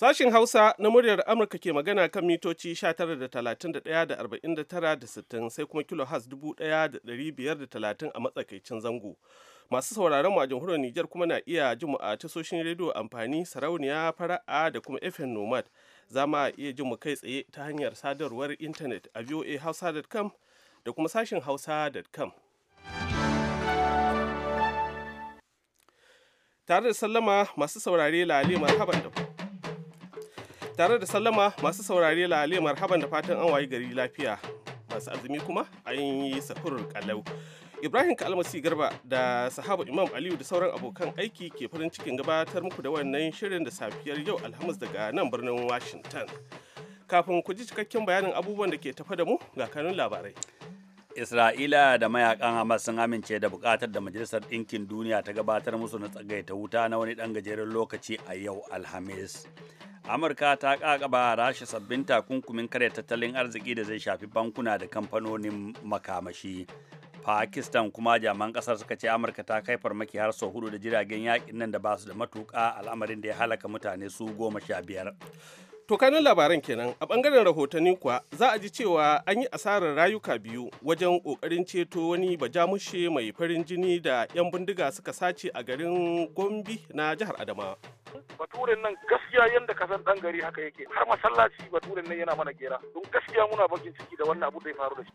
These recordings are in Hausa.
Sashin Hausa na muryar Amurka ke magana kan mitoci 19.31.49.60 sai kuma kilohaz 1,530 a matsakaicin zango. Masu sauraron mu a jamhuriyar Nijar kuma na iya jin mu a tasoshin rediyo amfani sarauniya fara'a da kuma FM Nomad. Za ma iya jin mu kai tsaye ta hanyar sadarwar intanet a voahausa.com da kuma sashin hausa.com. Tare da sallama masu saurare lalema marhaban da ku. tare da sallama masu saurare lale marhaban da fatan an wayi gari lafiya masu azumi kuma an yi safur kalau ibrahim kalmasi garba da sahaba imam aliyu da sauran abokan aiki ke farin cikin gabatar muku da wannan shirin da safiyar yau alhamis daga nan birnin washington kafin ku ji cikakken bayanin abubuwan da ke tafa da mu ga kanun labarai Isra'ila da mayakan Hamas sun amince da bukatar da Majalisar Ɗinkin Duniya ta gabatar musu na tsagaita wuta na wani ɗan gajeren lokaci a yau Alhamis. Amurka ta kakaba rasha sabbin takunkumin karya tattalin arziki da zai shafi bankuna da kamfanonin makamashi. Pakistan kuma jaman kasar suka ce Amurka ta kai farmaki har sau hudu da jiragen yakin nan da basu da matuka al'amarin da ya halaka mutane su goma sha biyar. To kanin labaran kenan a bangaren rahotanni kuwa za a ji cewa an yi asarar rayuka biyu wajen kokarin ceto wani bajamushe mai farin jini da 'yan bindiga suka sace a garin Gombe na jihar Adamawa. Baturen nan gaskiya yadda san dan gari haka yake har masallaci baturen nan yana mana gera don gaskiya muna bakin ciki da wannan abu da ya faru da shi.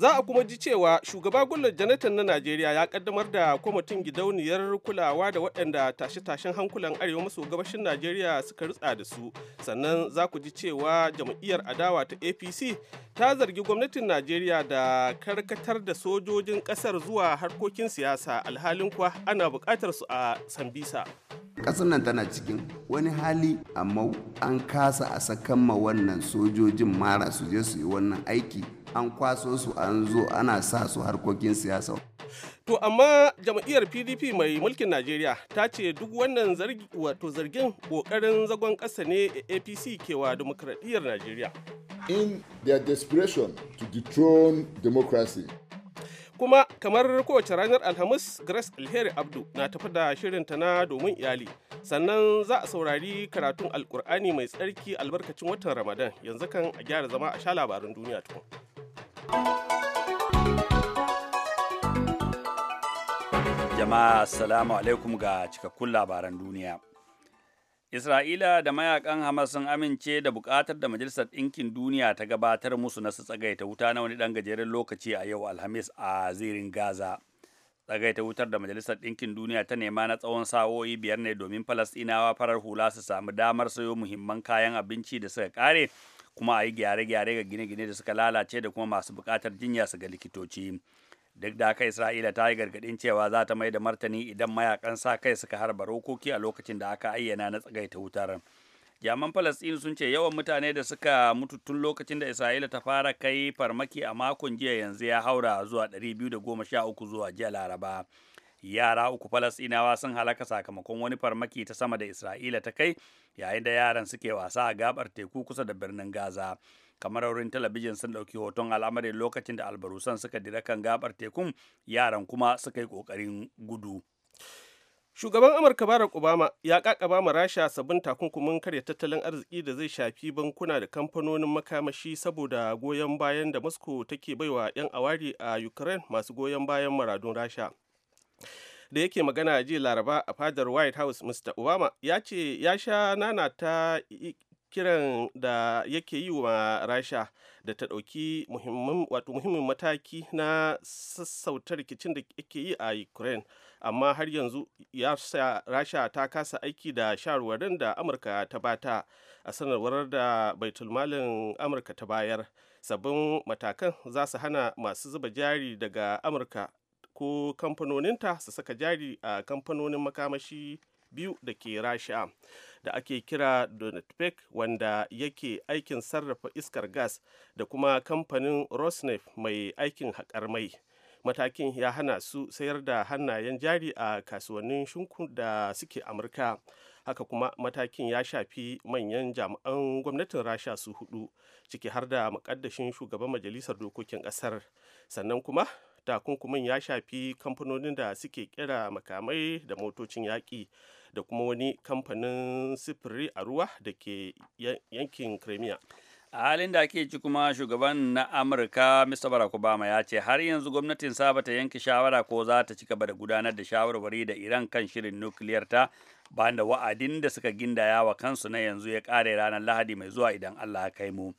Za a kuma ji cewa shugaba Gullar janatan na Najeriya ya kaddamar da kwamitin gidauniyar kulawa da waɗanda tashe-tashen hankulan arewa maso gabashin Najeriya suka rutsa da su sannan za ku ji cewa jam'iyyar adawa ta apc ta zargi gwamnatin najeriya da karkatar da sojojin kasar zuwa harkokin siyasa alhalin kuwa ana bukatar su a sambisa ƙasar nan tana cikin wani hali amma an kasa a sakan ma wannan sojojin mara su je su yi wannan aiki an kwaso su an zo ana sa su harkokin siyasa To amma jam'iyyar PDP mai mulkin Najeriya ta ce duk wannan wato zargin kokarin zagon ƙasa ne APC kewa demokradiyyar Najeriya. In their desperation to dethrone democracy, kuma kamar kowace ranar alhamis grace alheri abdu na tafi da ta na domin iyali sannan za a saurari karatun alkur'ani mai tsarki albarkacin watan ramadan yanzu kan a gyara zama a sha labarin duniya tukun jama'a assalamu alaikum ga cikakkun labaran duniya Isra'ila da mayakan Hamas sun amince da bukatar da Majalisar Ɗinkin Duniya ta gabatar musu na su tsagaita wuta na wani ɗan gajeren lokaci a yau Alhamis a zirin Gaza. Tsagaita wutar da Majalisar Ɗinkin Duniya ta nema na tsawon sa'o'i biyar ne domin Falasɗinawa farar hula su samu damar sayo muhimman kayan abinci da suka kare kuma a yi gyare-gyare ga gine-gine da suka lalace da kuma masu bukatar jinya su ga likitoci. duk da haka isra'ila ta yi gargadin cewa za ta mai da martani idan mayakan sa kai suka harba rokoki a lokacin da aka ayyana na tsagaita wutar jaman falastin sun ce yawan mutane da suka mutu tun lokacin da isra'ila ta fara kai farmaki a makon jiya yanzu ya haura zuwa ɗari biyu da goma sha uku zuwa jiya laraba yara uku falasɗinawa sun halaka sakamakon wani farmaki ta sama da isra'ila ta kai yayin da yaran suke wasa a gabar teku kusa da birnin gaza kamar wurin talabijin sun ɗauki hoton al'amarin lokacin da albarusan suka dira kan gabar tekun yaran kuma suka yi ƙoƙarin gudu shugaban amurka barack obama ya kakaba ma rasha sabbin takunkumin karya tattalin arziki da zai shafi bankuna da kamfanonin makamashi saboda goyon bayan da moscow take baiwa 'yan awari a ukraine masu goyon bayan maradun rasha da yake magana ji laraba a fadar white house mr obama ya ce ya sha nana ta kiran da yake yi wa rasha da ta dauki muhimmin mataki na sassauta rikicin da yake yi a ukraine amma har yanzu ya sa rasha ta kasa aiki da sharwarin da amurka ta bata a sanarwar da baitulmalin amurka ta bayar sabbin matakan za su hana masu zuba jari daga amurka ko kamfanoninta su saka jari a kamfanonin makamashi biyu da ke rasha da ake kira donetpec wanda yake aikin sarrafa iskar gas da kuma kamfanin rosneft mai aikin haƙar mai matakin ya hana su sayar da hannayen jari a kasuwannin shinku da suke amurka haka kuma matakin ya shafi manyan jami'an gwamnatin rasha su hudu ciki har da makaddashin shugaban majalisar dokokin ƙasar sannan kuma kokumin ya shafi kamfanonin da suke kira makamai da motocin yaƙi da kuma wani kamfanin sifiri a ruwa da ke yankin kremiya a halin da ake ci kuma shugaban na amurka mr barack obama ya ce har yanzu gwamnatin saba ta yanke shawara ko za ta ci gaba da gudanar da shawarwari da iran kan shirin nukiliyar ta bayan wa'adin da suka gindaya wa kansu na yanzu ya kare ranar lahadi mai zuwa idan allah ya kai mu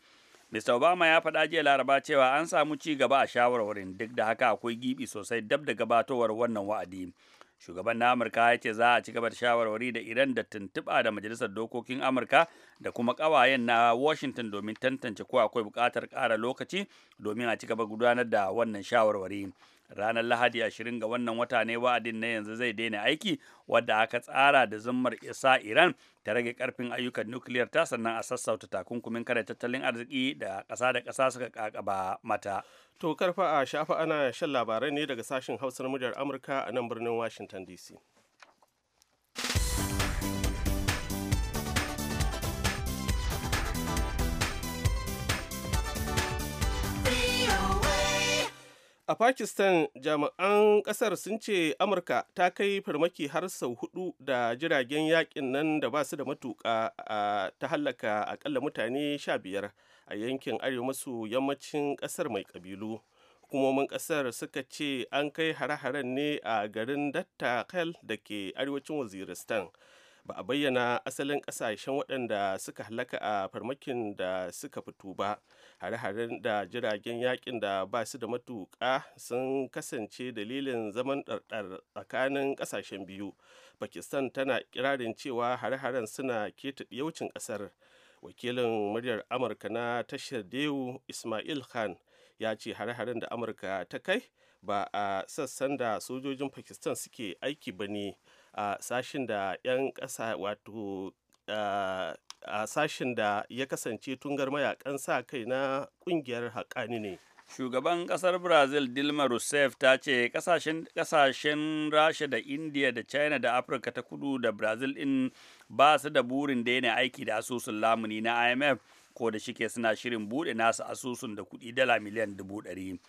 Mr. Obama ya faɗa jiya Laraba cewa an samu ci gaba a shawarwarin duk da haka akwai gibi sosai dab da gabatowar wannan wa'adi. Shugaban na Amurka ya ce za a ci gaba da shawarwari da Iran da tuntuɓa da Majalisar Dokokin Amurka da kuma ƙawayen na Washington domin tantance ko akwai buƙatar ƙara lokaci domin a ci gaba gudanar da wannan shawarwari. ranar lahadi 20 ga wannan wata ne wa'adin na yanzu zai daina aiki wadda aka tsara da zummar isa iran ta rage karfin ayyukan nukiliyar ta sannan a sassauta takunkumin kare tattalin arziki da ƙasa da ƙasa suka kakaba mata to karfa a shafa ana shan labarai ne daga sashen hausar muryar amurka a nan birnin washington dc A Pakistan jami'an ƙasar sun ce Amurka ta kai farmaki har sau hudu da jiragen yakin nan da ba su da matuƙa ta hallaka akalla mutane sha biyar a yankin arewa maso yammacin ƙasar mai ƙabilu. Hukumomin ƙasar suka ce an kai hare-haren ne a garin Datta Khel da ke arewacin Waziristan. Ba a bayyana asalin ƙasashen waɗanda suka halaka a farmakin da suka fito ba. hare-haren da jiragen yakin da ba su da matuƙa sun kasance dalilin zaman ɗarɗar tsakanin ƙasashen biyu pakistan tana kirarin cewa hare-haren suna keta yaucin ƙasar wakilin muryar amurka na tashar dewu ismail khan ya ce hare-haren da amurka ta kai ba a sassan da sojojin pakistan suke aiki ba ne a sashin da 'yan ƙasa wato a sashen da ya kasance tungar mayakan sa kai na kungiyar haƙani ne shugaban ƙasar brazil dilma rousseff ta ce kasashen, rasha da india da china da afirka ta kudu da brazil in ba su da burin daina aiki da asusun lamuni na imf ko da shike suna shirin bude nasu asusun da kudi dala miliyan dubu ɗari.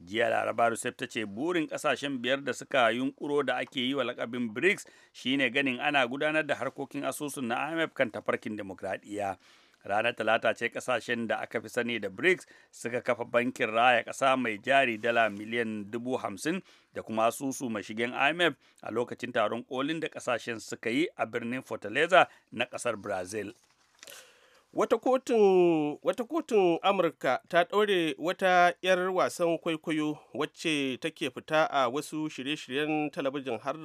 jiya laraba rusef ta ce burin kasashen biyar da suka yunkuro da ake yi wa lakabin brics shine ganin ana gudanar da harkokin asusun na imf kan tafarkin demokradiyya ranar talata ce kasashen da aka fi sani da brics suka kafa bankin raya kasa mai jari dala miliyan dubu hamsin da kuma asusu shigen imf a lokacin taron kolin da kasashen suka yi a birnin fortaleza na kasar brazil wata kotun amurka ta ɗaure wata 'yar wasan kwaikwayo wacce take fita a wasu shirye-shiryen talabijin har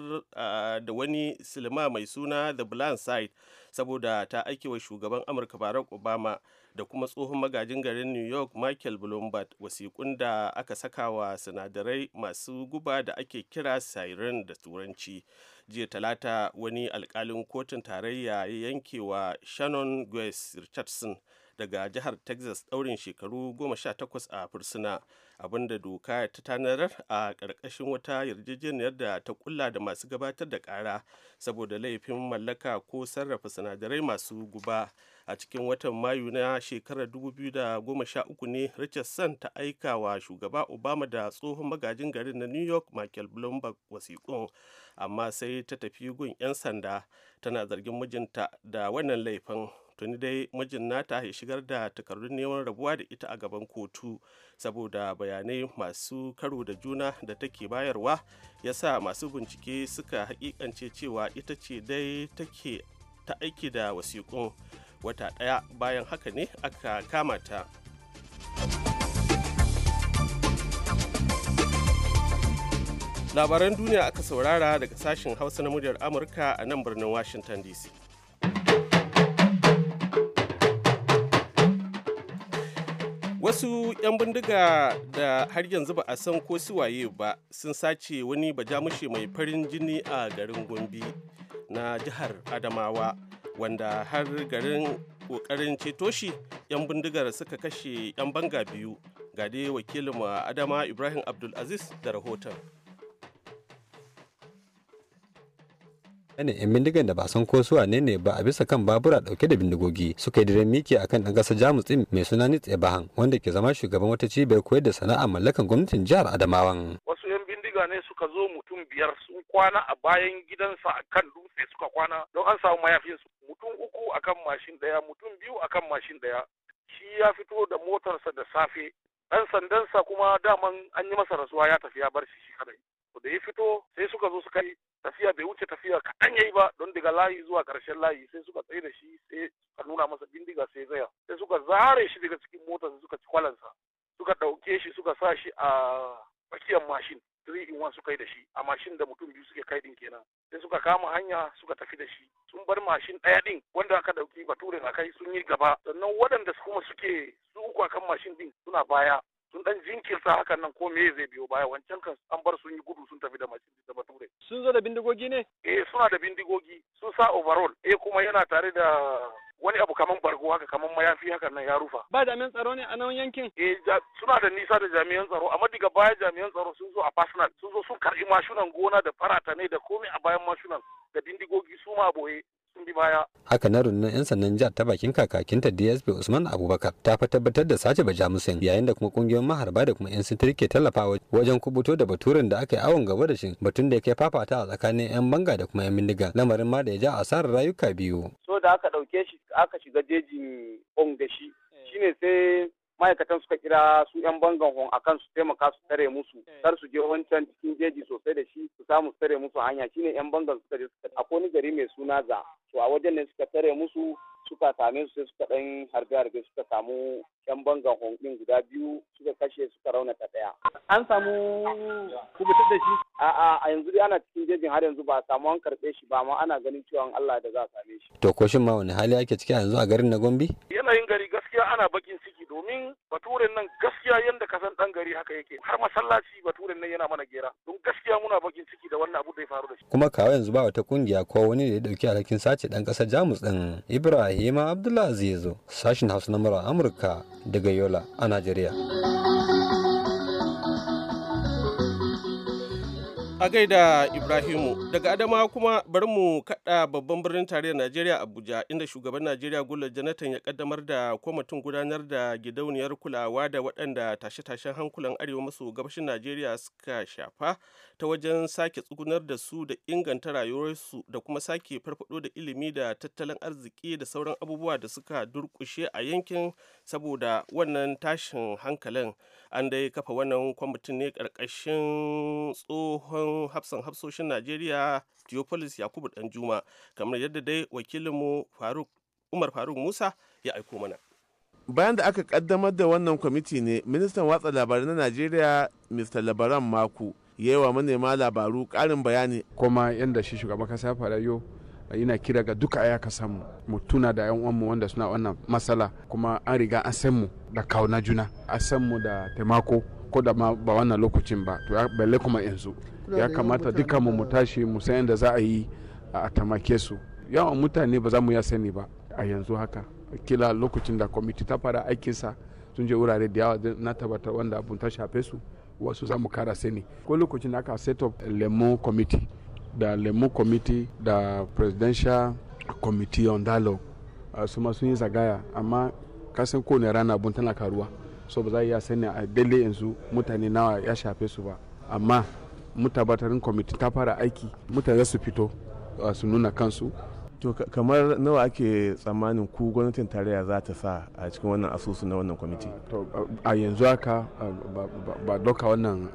da wani silima mai suna the blind side saboda ta aikewa shugaban amurka barack obama da kuma tsohon magajin garin new york michael bloomberg wasiƙun da aka saka wa sinadarai masu guba da ake kira siren da turanci jiya talata wani alkalin kotun tarayya ya yanke wa shannon grace richardson daga jihar texas ɗaurin shekaru 18 a fursuna abinda doka ta tanarar a ƙarƙashin wata yarjejeniyar da ta kulla da masu gabatar da ƙara saboda laifin mallaka ko sarrafa sinadarai masu guba a cikin watan mayu na shekarar 2013 ne richardson ta aika wa shugaba obama da tsohon magajin garin na new york michael bloomberg wasiƙun amma sai ta tafi gun 'yan sanda tana zargin mijinta da wannan laifin tuni dai mijin nata ya shigar da takardun neman rabuwa da ita a gaban kotu saboda bayanai masu karo da juna da take bayarwa ya sa masu bincike suka hakikance cewa ita ce dai take ta aiki da wasiƙun wata ɗaya bayan haka ne aka kama ta labaran duniya aka saurara daga sashen hausa na muryar amurka a nan birnin washington dc wasu 'yan bindiga da har yanzu ba a san ko suwaye ba sun sace wani bajamushe mai farin jini a garin gombe na jihar adamawa wanda har garin kokarin ceto shi 'yan bindigar suka kashe 'yan banga biyu ga dai wakilin adama ibrahim abdulaziz da rahoton yanayin yan da ba san ko ne ne ba a bisa kan babura dauke da bindigogi suka yi diren miki akan kan kasar jamus ɗin mai suna ya bahan wanda ke zama shugaban wata cibiyar koyar da sana'a mallakan gwamnatin jihar adamawan mutane suka zo mutum biyar sun kwana a bayan gidansa a kan dutse suka kwana don an samu mayafinsu mutum uku akan mashin ɗaya mutum biyu akan mashin ɗaya shi ya fito da motarsa da safe ɗan sandansa kuma daman an yi masa rasuwa ya tafi ya bar shi shi kadai to da ya fito sai suka zo suka yi tafiya bai wuce tafiya kaɗan yayi ba don daga layi zuwa ƙarshen layi sai suka tsaye da shi sai suka nuna masa bindiga sai zaya sai suka zare shi daga cikin motar suka ci kwalansa suka ɗauke shi suka sa shi a tsakiyar mashin three in one suka yi da shi a mashin da mutum biyu suke kai din kenan sai suka kama hanya suka tafi da shi sun bar mashin ɗaya din wanda aka dauki bature a kai sun yi gaba sannan waɗanda kuma suke su uku akan mashin din suna baya sun dan jinkirta hakan nan ko me zai biyo baya wancan kan an bar sun yi gudu sun tafi da mashin da bature sun zo da bindigogi ne eh suna da bindigogi sun sa overall eh kuma yana tare da wani abu kamar bargo haka kamar mayafi haka nan ya rufa ba jami'an tsaro ne a nan yankin eh suna da nisa da jami'an tsaro amma daga baya jami'an tsaro sun zo a personal sun zo sun karɓi mashinan gona da farata ne da komai a bayan mashunan da dindigogi su ma boye sun baya. Haka na rundunar 'yan sandan jihar ta bakin kakakinta DSP Usman Abubakar ta fa tabbatar da sace ba jamusin yayin da kuma kungiyoyin maharba da kuma 'yan sintiri ke tallafawa wajen kubuto da baturen da aka yi awon gaba da shi batun da ya kai fafata a tsakanin 'yan banga da kuma 'yan bindiga lamarin ma da ya ja a asarar rayuka biyu. So da aka ɗauke shi aka shiga jejin ongashi shi eh. shine sai ma'aikatan suka kira su 'yan bangan hon a kan su taimaka su tare musu eh. kar su je wancan cikin jeji sosai da shi su samu su tare musu hanya shine 'yan bangan suka je a wani gari mai suna za to a wajen ne suka tare musu suka same su sai suka dan harbe-harbe suka samu yan bangan hongɗin guda biyu suka kashe suka raunata ɗaya. An samu kubuta da shi? A a yanzu dai ana cikin jejin har yanzu ba a samu an karɓe shi ba amma ana ganin cewa Allah da za a same shi. To ko shin ma wani hali ake ciki yanzu a garin na Gombe? Yanayin gari gaskiya ana bakin ciki domin baturen nan gaskiya yanda kasan ɗan gari haka yake har masallaci baturen nan yana mana gera don gaskiya muna bakin ciki da wannan abu da ya faru da shi. Kuma kawo yanzu ba wata kungiya ko wani da ya dauki alhakin sace ce dan kasar jamus din ibrahima zo sashin hausa na amurka daga yola a najeriya A gaida Ibrahimu, daga Adama kuma bari mu kaɗa babban birnin tarayyar Najeriya Abuja inda shugaban Najeriya Gullar Jonathan ya kaddamar da kwamitin gudanar da gidauniyar kulawa da waɗanda tashe-tashen hankulan arewa maso gabashin Najeriya suka shafa ta wajen sake tsugunar da su da inganta rayuwarsu da kuma sake farfado da ilimi da tattalin arziki da sauran abubuwa da suka durƙushe a yankin saboda wannan tashin hankalin. An dai kafa wannan kwamitin ne ƙarƙashin tsohon sabon hafsan hafsoshin najeriya theophilus yakubu danjuma kamar yadda dai wakilinmu umar faruk musa ya aiko mana bayan da aka kaddamar da wannan kwamiti ne ministan watsa labarai na najeriya mr labaran maku ya yi wa manema labaru karin bayani kuma yadda shi shugaban kasa fara yau ina kira ga duka ya ka samu mu tuna da yan uwanmu wanda suna wannan matsala kuma an riga an san mu da kauna juna an san mu da taimako ko da ma ba wannan lokacin ba to ya balle kuma yanzu ya kamata duka mu tashi mu san yadda za a yi a tamake su yawan mutane ba za mu ya sani ba a yanzu haka kila lokacin da kwamiti ta fara aikinsa sun je wurare da yawa na tabbata wanda abun ta shafe su wasu za mu kara sani ko lokacin da aka set up lemo committee da lemo committee da presidential committee on dialogue su masu yin zagaya amma kasan kowane rana abun tana karuwa so ba za a iya sani a daidai yanzu mutane nawa ya shafe su ba amma mutabatarin kwamiti ta fara aiki mutane su fito su nuna kansu to kamar nawa ake tsammanin ku gwamnatin tarayya za ta sa a cikin wannan asusu na wannan kwamiti a yanzu haka ba doka wannan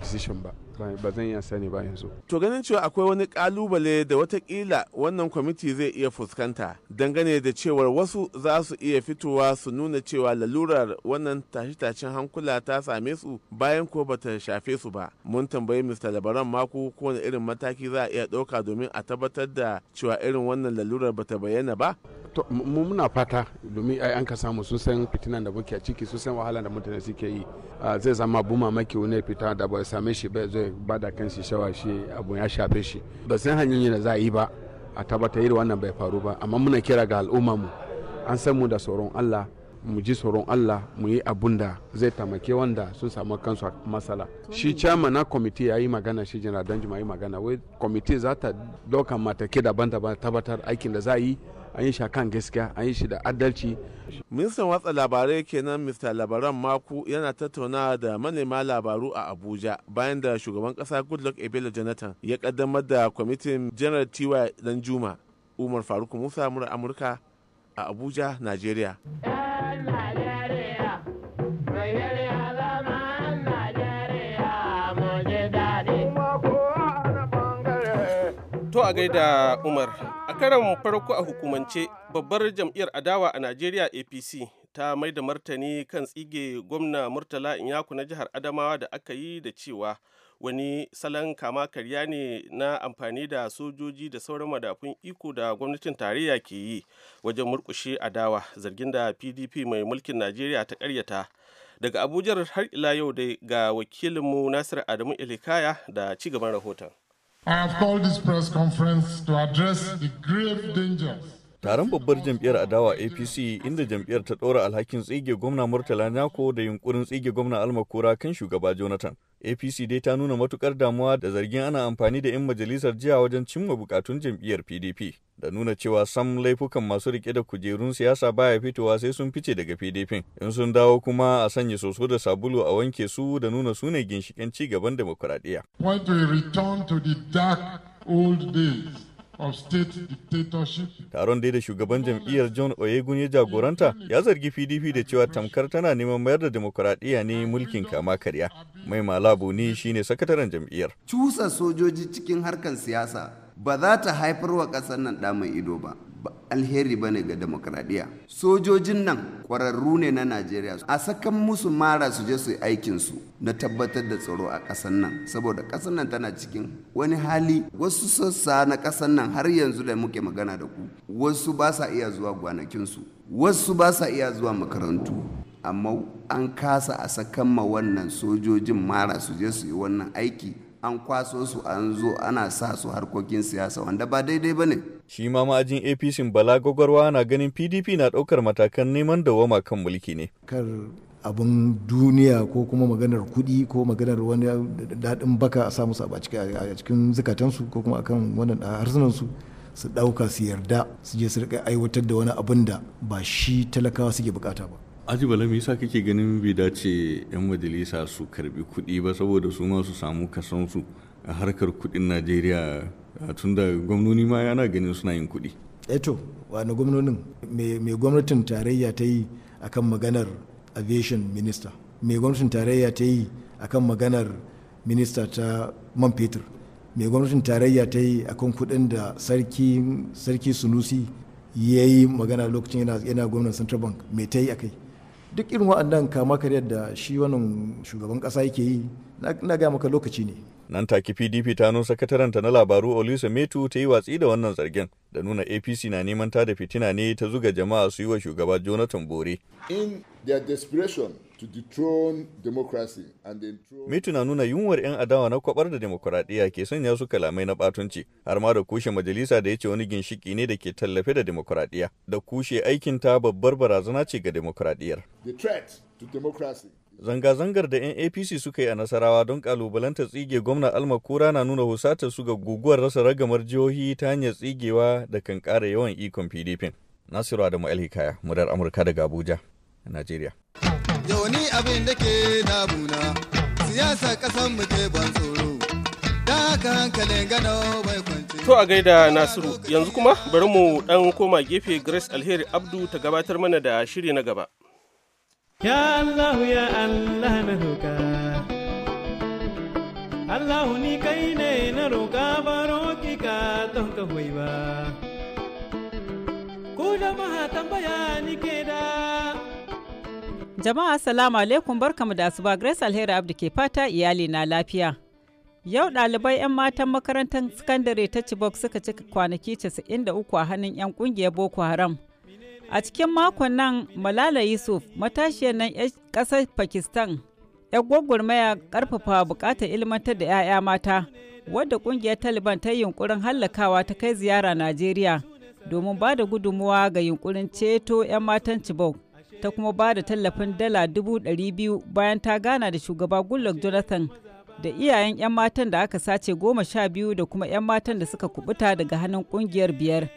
decision ba ba zan iya sani ba yanzu. To ganin cewa akwai wani kalubale da watakila wannan kwamiti zai iya fuskanta dangane da cewar wasu za su iya fitowa su nuna cewa lalurar wannan tashe-tashen hankula ta same su bayan ko bata shafe su ba. Mun tambayi Mr. Labaran mako kowane irin mataki za a iya ɗauka domin a tabbatar da cewa irin wannan lalurar bata bayyana ba. to muna fata domin ai an ka samu sun san fitinan da muke a ciki sun san wahala da mutane suke yi ah, zai zama bu mamaki wani fita da ba same shi ba zo zai bada shi shawa shi abu ya shafe shi ba san yi da za a yi ba a tabbata da wannan bai faru ba amma muna kira ga al'umma mu an san mu da tsoron Allah mu ji tsoron allah mu yi abun da zai tamake wanda sun samu kansu a matsala shi chairman na kwamiti ya yi magana shi jana danjuma ya yi magana wai kwamiti za ta ɗaukan matake daban-daban tabbatar aikin da za yi an yi shakan gaskiya an yi shi da adalci. ministan watsa labarai kenan mr labaran maku yana tattauna da manema labaru a abuja bayan da shugaban kasa goodluck ebele jonathan ya kaddamar da kwamitin general ty danjuma umar faruk musa mura amurka a abuja nigeria. a gaida Umar. A karan farko a hukumance, babbar jam'iyyar adawa a Najeriya APC ta mai da martani kan tsige gwamna Murtala Inyaku na jihar Adamawa da aka yi da cewa wani salon kama karya ne na amfani da sojoji da sauran madafun iko da gwamnatin tarayya ke yi wajen murkushe adawa zargin da PDP mai mulkin Najeriya ta karyata. Daga Abuja har ila yau dai ga wakilinmu Nasir Adamu Ilikaya da ci gaban rahoton. I have called this press conference to address the grave dangers taron babbar jam'iyyar adawa apc inda jam'iyyar ta ɗora alhakin tsige gwamna murtala nyako da yunkurin tsige gwamna almakura kan shugaba jonathan apc dai ta nuna matukar damuwa da zargin ana amfani da 'yan majalisar jiya wajen cimma bukatun jam'iyyar pdp da nuna cewa sam laifukan masu rike da kujerun siyasa baya fitowa sai sun fice daga pdp in sun dawo kuma a sanya soso da sabulu a wanke su da nuna su ne ci gaban demokuraɗiyya. return to the Taron dai da shugaban jam'iyyar John Oyegun ya jagoranta ya zargi PDP da cewa tamkar tana neman mayar da demokuraɗiyya ne mulkin kama karya. Mai malabu ne shine sakataren jam'iyyar. Cusa sojoji cikin harkar siyasa ba za ta haifar wa ƙasar nan ɗa mai ido ba. alheri bane ga demokradiya sojojin nan kwararru ne na najeriya a sakan musu mara su je su yi aikinsu na tabbatar da tsaro a ƙasar nan saboda ƙasar nan tana cikin wani hali wasu sassa na ƙasar nan har yanzu da muke magana da ku wasu ba sa iya zuwa gwanakinsu wasu ba sa iya zuwa makarantu amma an kasa a sakan ma wannan sojojin mara su je su yi wannan aiki an kwaso su an zo ana sa su harkokin siyasa wanda ba daidai ba ne Shi ma ma'ajin APC Bala Gwagwarwa na ganin PDP na ɗaukar matakan neman dawama kan mulki ne. Kar abin duniya ko kuma maganar kuɗi ko maganar wani daɗin baka a samu a cikin zukatansu ko kuma akan wannan harsunansu su ɗauka su yarda su je su riƙa aiwatar da wani abin da ba shi talakawa suke bukata ba. aji bala me yasa kake ganin bai dace yan majalisa su karbi kuɗi ba saboda su ma su samu kasansu a harkar kuɗin najeriya tun da gwamnoni ma yana ganin suna yin kuɗi eto eh wani gwamnonin mai gwamnatin tarayya ta yi akan maganar aviation minister mai gwamnatin tarayya ta yi akan maganar minista ta man fetur mai gwamnatin tarayya ta yi akan kuɗin da sarki sunusi ya yi magana lokacin yana gwamnan central bank mai ta yi akai duk irin waɗannan kama kariyar da shi wannan shugaban ƙasa yake yi na gaya maka lokaci ne Nan take PDP ta nuna sakataranta na labaru Olisa Metu ta yi watsi da wannan zargin da nuna APC na neman ta da fitina ne ta zuga jama'a su yi wa shugaba Jonathan Bore. In their desperation to dethrone democracy and dethrone... Metu na nuna yunwar 'yan adawa na kwabar da demokuraɗiyya ke sanya su kalamai na batunci har ma da kushe majalisa da ya ce wani ginshiki ne da ke tallafe da demokuraɗiyya da kushe aikin ta babbar barazana ce ga demokuraɗiyyar. The threat to democracy Zanga-zangar da 'yan APC suka yi a Nasarawa don kalubalanta tsige gwamna Alma Kura na nuna husatar su ga guguwar rasa ragamar jihohi ta hanyar tsigewa da kan ƙara yawan ikon PDP. Nasiru Adamu Alhikaya, murar Amurka daga Abuja, Najeriya. da ke damuna, siyasa To a gaida Nasiru, yanzu kuma bari mu ɗan koma gefe Grace Alheri Abdu ta gabatar mana da shiri na gaba. Ya Allah ya Allah na roƙa ni kai ne na roƙa ka don ka ba Ku jama'a tambaya ni ke da Jama'a assalamu alaikum barkamu da asuba Grace Alheri Abdi ke fata iyali na lafiya Yau ɗalibai 'yan matan makarantar sakandare ta Chibok suka cika kwanaki 93 a hannun 'yan ƙungiyar Boko Haram. A cikin makon nan Malala Yusuf matashiyar nan 'yan ƙasar Pakistan 'yan gwagwarmaya karfafa buƙatar ilmantar da 'ya'ya mata wadda ƙungiyar Taliban ta yunkurin hallakawa ta kai ziyara Najeriya domin ba da gudunmuwa ga yunkurin ceto 'yan matan Chibok ta kuma ba da tallafin dala dubu ɗari biyu bayan ta gana da shugaba Goodluck Jonathan da iyayen 'yan matan da aka sace goma sha biyu da kuma 'yan matan da suka kubuta daga hannun ƙungiyar biyar.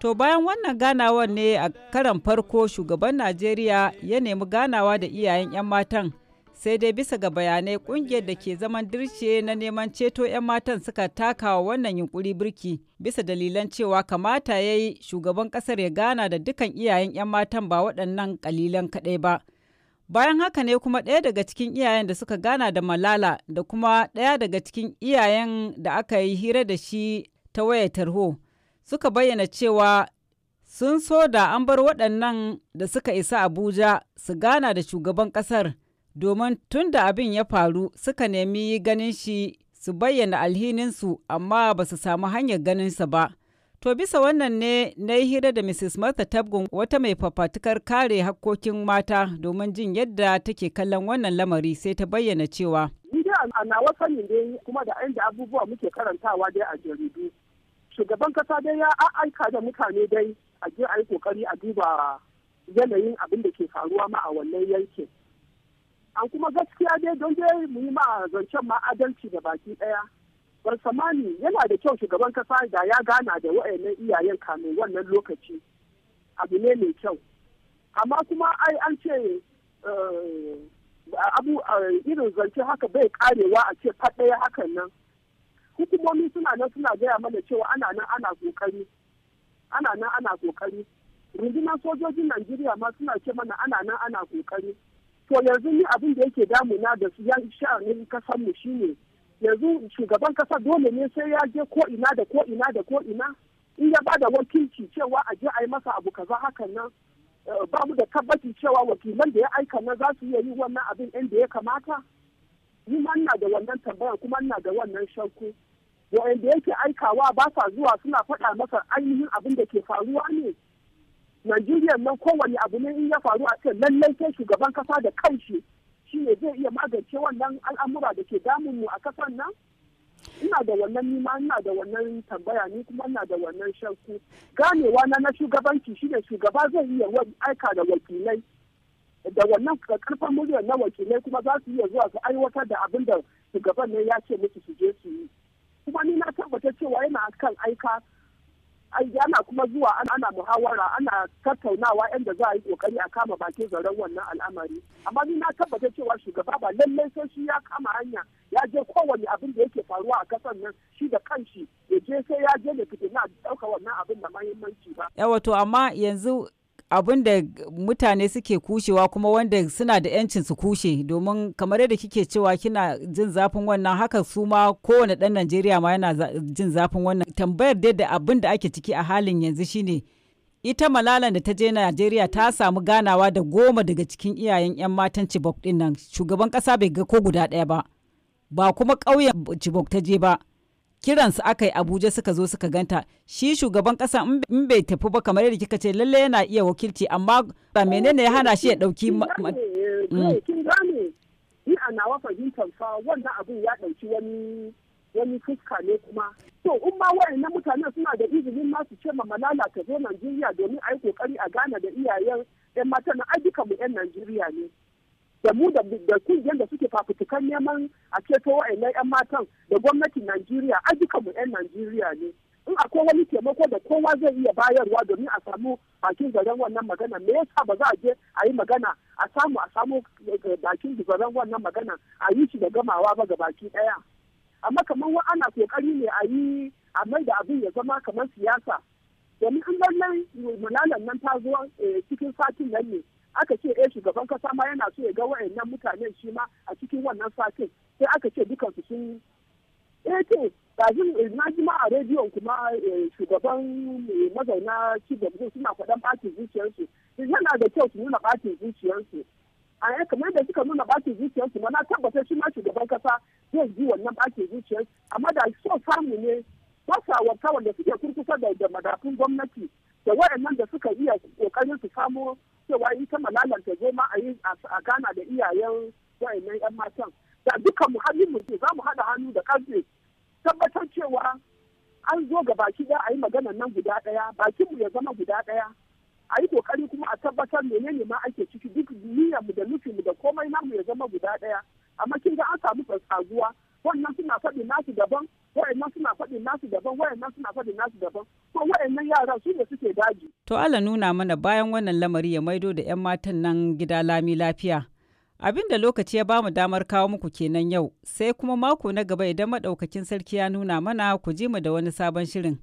To bayan wannan ganawar ne a karan farko shugaban Najeriya ya nemi ganawa da iyayen 'yan matan sai dai bisa ga bayanai kungiyar da ke zaman dirce na neman ceto 'yan matan suka taka wa wannan yunkuri birki bisa dalilan cewa kamata ya yi shugaban kasar ya gana da dukan iyayen 'yan matan ba waɗannan kalilan kaɗai ba. Bayan haka ne kuma ɗaya daga cikin iyayen da suka gana da Malala da kuma ɗaya daga cikin iyayen da aka yi hira da shi ta wayar tarho. suka bayyana cewa sun so da an bar waɗannan da suka isa Abuja su gana da shugaban ƙasar domin tun da abin ya faru suka nemi ganin shi su bayyana alhininsu amma ba su samu hanyar ganinsa ba. To bisa wannan ne na yi hira da Mrs. Martha Tabgun wata mai fafatukar kare hakkokin mata domin jin yadda take kallon wannan lamari sai ta bayyana cewa. Ni dai a nawa sanin dai kuma da inda abubuwa muke karantawa dai a jaridu shugaban kasa dai ya aika da mutane dai a je a yi kokari a duba yanayin abin da ke faruwa ma a wannan yankin an kuma gaskiya dai don dai mu yi ma zancen ma adalci da baki daya barsamani yana da kyau shugaban kasa da ya gana da wa'annan iyayen kamin wannan lokaci abu ne mai kyau amma kuma ai an ce eh, abu eh, irin zance haka bai karewa a ce faɗaya hakan nan hukumomi suna nan suna gaya mana cewa ana nan ana kokari ana nan ana kokari rundunar sojojin najeriya ma suna ce mana ana nan ana kokari to yanzu ni abin da yake damuna da su yan sha'anin kasar mu shine yanzu shugaban kasa dole ne sai ya je ko ina da ko ina da ko ina in ya bada wakilci cewa a je a yi masa abu kaza hakan nan eh, mu da tabbaci cewa wakilan da ya aika nan za su iya yi wannan abin inda ya kamata ni ma ina da wannan tambaya kuma ina da wannan shakku wa'anda yake aikawa ba sa zuwa suna faɗa masa ainihin abin da ke faruwa ne Najeriya nan kowane abu ne in ya faru a ce lallai sai shugaban kasa da kanshi shi ne zai iya magance wannan al'amura da ke damun mu a kasan nan ina da wannan nima ina da wannan tambaya ni kuma ina da wannan shakku ganewa na na shugabanci ne shugaba zai iya aika da wakilai da wannan karfin muryar na wakilai kuma za su iya zuwa su aiwatar da abin da shugaban ne ya ce musu su je su yi kuma ni na tabbata cewa yana kan aika ana kuma zuwa ana muhawara ana tattaunawa yadda za a yi kokari a kama bakin zaren wannan al'amari amma ni na tabbata cewa shugaba ba lallai sai shi ya kama hanya ya je kowane abin da yake faruwa a kasan nan shi da kanshi ya je sai ya je da fitina ɗauka wannan abin da mahimmanci ba. yawa to amma yanzu abin da mutane suke kushewa kuma wanda suna da yancin su kushe domin kamar yadda kike cewa kina jin zafin wannan haka su ma kowane ɗan najeriya ma yana jin zafin wannan tambayar dai da abin da ake ciki a halin yanzu shine ita malala da ta je najeriya ta samu ganawa da goma daga cikin iyayen 'yan matan chibok ɗin shugaban ƙasa bai ga ko guda ɗaya ba ba kuma kauyen chibok ta je ba kiransu aka yi abuja suka zo suka ganta shi shugaban kasa in bai tafi ba kamar yadda kika ce lalle yana iya wakilci amma ba menene ya hana shi ya dauki kin eh, mm. ni a nawa fahimtar fa wanda abin ya dauki wani wani fuska ne kuma to in ma wayannan mutane suna da izinin ma su ce ma malala ta zo Najeriya domin a yi kokari a gana da iyayen yan mata na ayyukan mu yan Najeriya ne da mu da kungiyar da suke fafutukan neman a ceto wa'annan 'yan matan da gwamnatin Najeriya mu 'yan Najeriya ne. In akwai wani taimako da kowa zai iya bayarwa domin a samu bakin zaren wannan magana me yasa ba za a je a yi magana a samu a samu eh, bakin zaren wannan magana a yi shi da gamawa ba ga baki ɗaya. Amma kamar wa ana kokari ne a yi a mai da abin ya zama kamar siyasa. Domin in lallai eh, mulalan nan ta zo eh, cikin satin nan ne aka ce eh shugaban kasa ma yana so ya ga wayannan mutanen shi ma a cikin wannan satin sai aka ce dukansu sun eh ce, kafin eh, na ji ma a rediyon kuma eh, shugaban mazauna cibiyar suna faɗan ɓacin zuciyarsu yana da kyau su nuna ɓacin zuciyarsu a ya eh, kamar da suka nuna ɓacin zuciyarsu ma na tabbatar shi ma shugaban kasa zai ji wannan ɓacin zuciyarsu amma da so samu ne masawarta wanda suke kurkusa da madafun gwamnati da waɗannan da suka iya ƙoƙarin su samo kuma a yi a gana da iyayen wa'annan 'yan matan da dukkan mu hannun mu za mu haɗa hannu da ƙarfe tabbatar cewa an zo ga baki za a yi maganar nan guda ɗaya bakin mu ya zama guda ɗaya a yi kokari kuma a tabbatar menene ma ake ciki duk niyyar mu da nufin mu da komai namu ya zama guda ɗaya amma kin ga an samu fasaguwa wannan suna faɗi nasu daban wayannan suna faɗin nasu daban suna faɗin nasu daban ko yaran su ne suke daji. To Allah nuna mana bayan wannan lamari ya maido da 'yan matan nan gida lami lafiya. Abin da lokaci ya bamu damar kawo muku kenan yau sai kuma mako na gaba idan madaukakin sarki ya nuna mana ku ji mu da wani sabon shirin.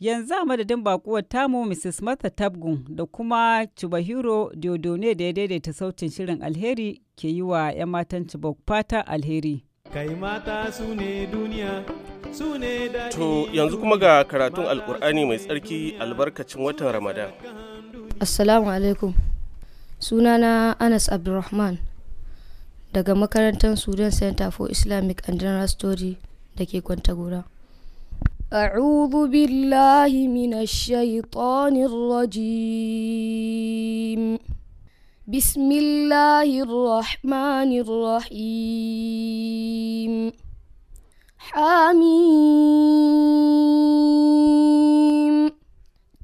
Yanzu a madadin bakuwar tamu Mrs. Martha Tabgun da kuma Chubahiro Diodone da ya daidaita sautin shirin alheri ke yi wa 'yan matan Chibok fata alheri. kai To yanzu kuma ga karatun Alƙur'ani mai tsarki albarkacin watan Ramadan. Assalamu alaikum. Sunana Anas Abdulrahman daga makarantar Sudan Center for Islamic and General Study da ke Kwantagora. أعوذ بالله من الشيطان الرجيم بسم الله الرحمن الرحيم حميم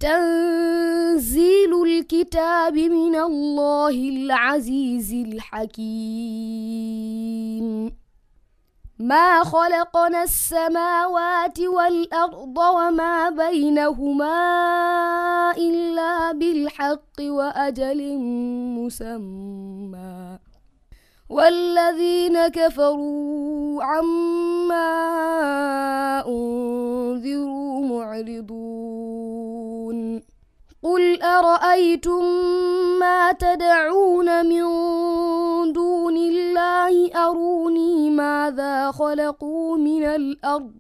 تنزيل الكتاب من الله العزيز الحكيم ما خلقنا السماوات والأرض وما بينهما إلا بالحق وأجل مسمى والذين كفروا عما أنذروا معرضون قل أرأيتم ما تدعون من دون الله أروني ماذا خلقوا من الأرض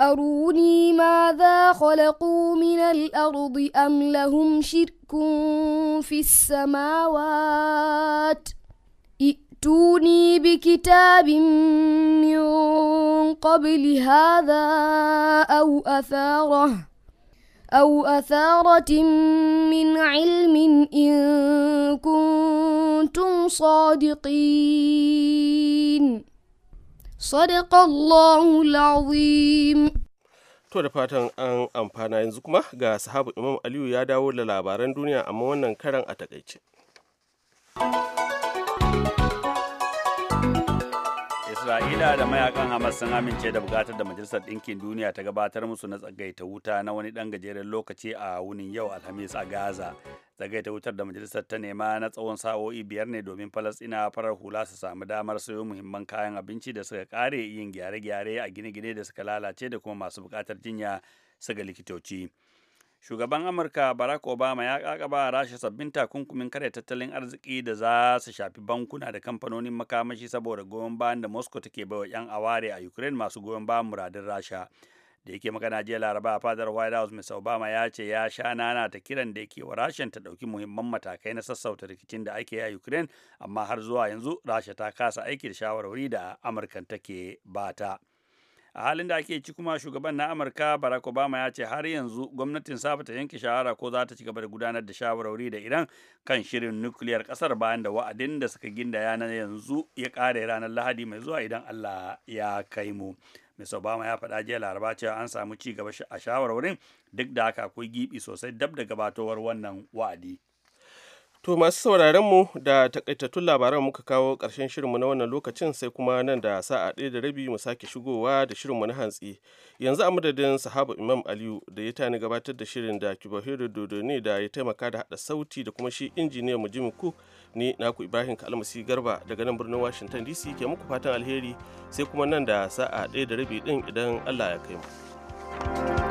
أروني ماذا خلقوا من الأرض أم لهم شرك في السماوات ائتوني بكتاب من قبل هذا أو أثاره أو أثارة من علم إن كنتم صادقين صدق الله العظيم To da fatan an amfana yanzu kuma ga sahabu Imam Aliyu ya dawo da labaran duniya amma wannan karan a takaice. Isra'ila da mayakan Hamas sun amince da bukatar da Majalisar Ɗinkin Duniya ta gabatar musu na tsagaita wuta na wani ɗan gajeren lokaci a wunin yau Alhamis a Gaza. Tsagaita wutar da Majalisar ta nema na tsawon sa'o'i biyar ne domin Falasɗina farar hula su samu damar sayo muhimman kayan abinci da suka kare yin gyare-gyare a gine-gine da suka lalace da kuma masu bukatar jinya su ga likitoci. shugaban amurka barack obama ya kakaba rasha sabbin takunkumin kare tattalin arziki da za su shafi bankuna da kamfanonin makamashi saboda goyon bayan da moscow take baiwa 'yan aware a ukraine masu goyon bayan muradin rasha da yake magana jiya laraba a fadar white house mr obama ya ce ya sha nana ta kiran da yake wa rashin ta ɗauki muhimman matakai na sassauta rikicin da ake a ukraine amma har zuwa yanzu rasha ta kasa aiki da shawarwari da amurkan take bata. a halin da ake ci kuma shugaban na amurka barack obama ya ce har yanzu gwamnatin sa ta yanke shawara ko za ta ci gaba da gudanar da shawarwari da iran kan shirin nukiliyar kasar bayan da wa'adin da suka gindaya na yanzu ya kare ranar lahadi mai zuwa idan allah ya kai mu Mr. Obama ya faɗa jiya laraba cewa an samu ci gaba a shawarwarin duk da haka akwai gibi sosai dab da gabatowar wannan wa'adi. To masu sauraron mu da takaitattun labaran muka kawo ƙarshen shirinmu na wannan lokacin sai kuma nan da sa'a ɗaya da rabi mu sake shigowa da shirinmu na hantsi. Yanzu a madadin sahaba Imam Aliyu da ya tani gabatar da shirin da Kibahiru Dodo ne da ya taimaka da haɗa sauti da kuma shi injiniya mu Jimmy Cook ni naku Ibrahim Kalmasi Garba daga nan birnin Washington DC ke muku fatan alheri sai kuma nan da sa'a ɗaya da rabi ɗin idan Allah ya kai mu.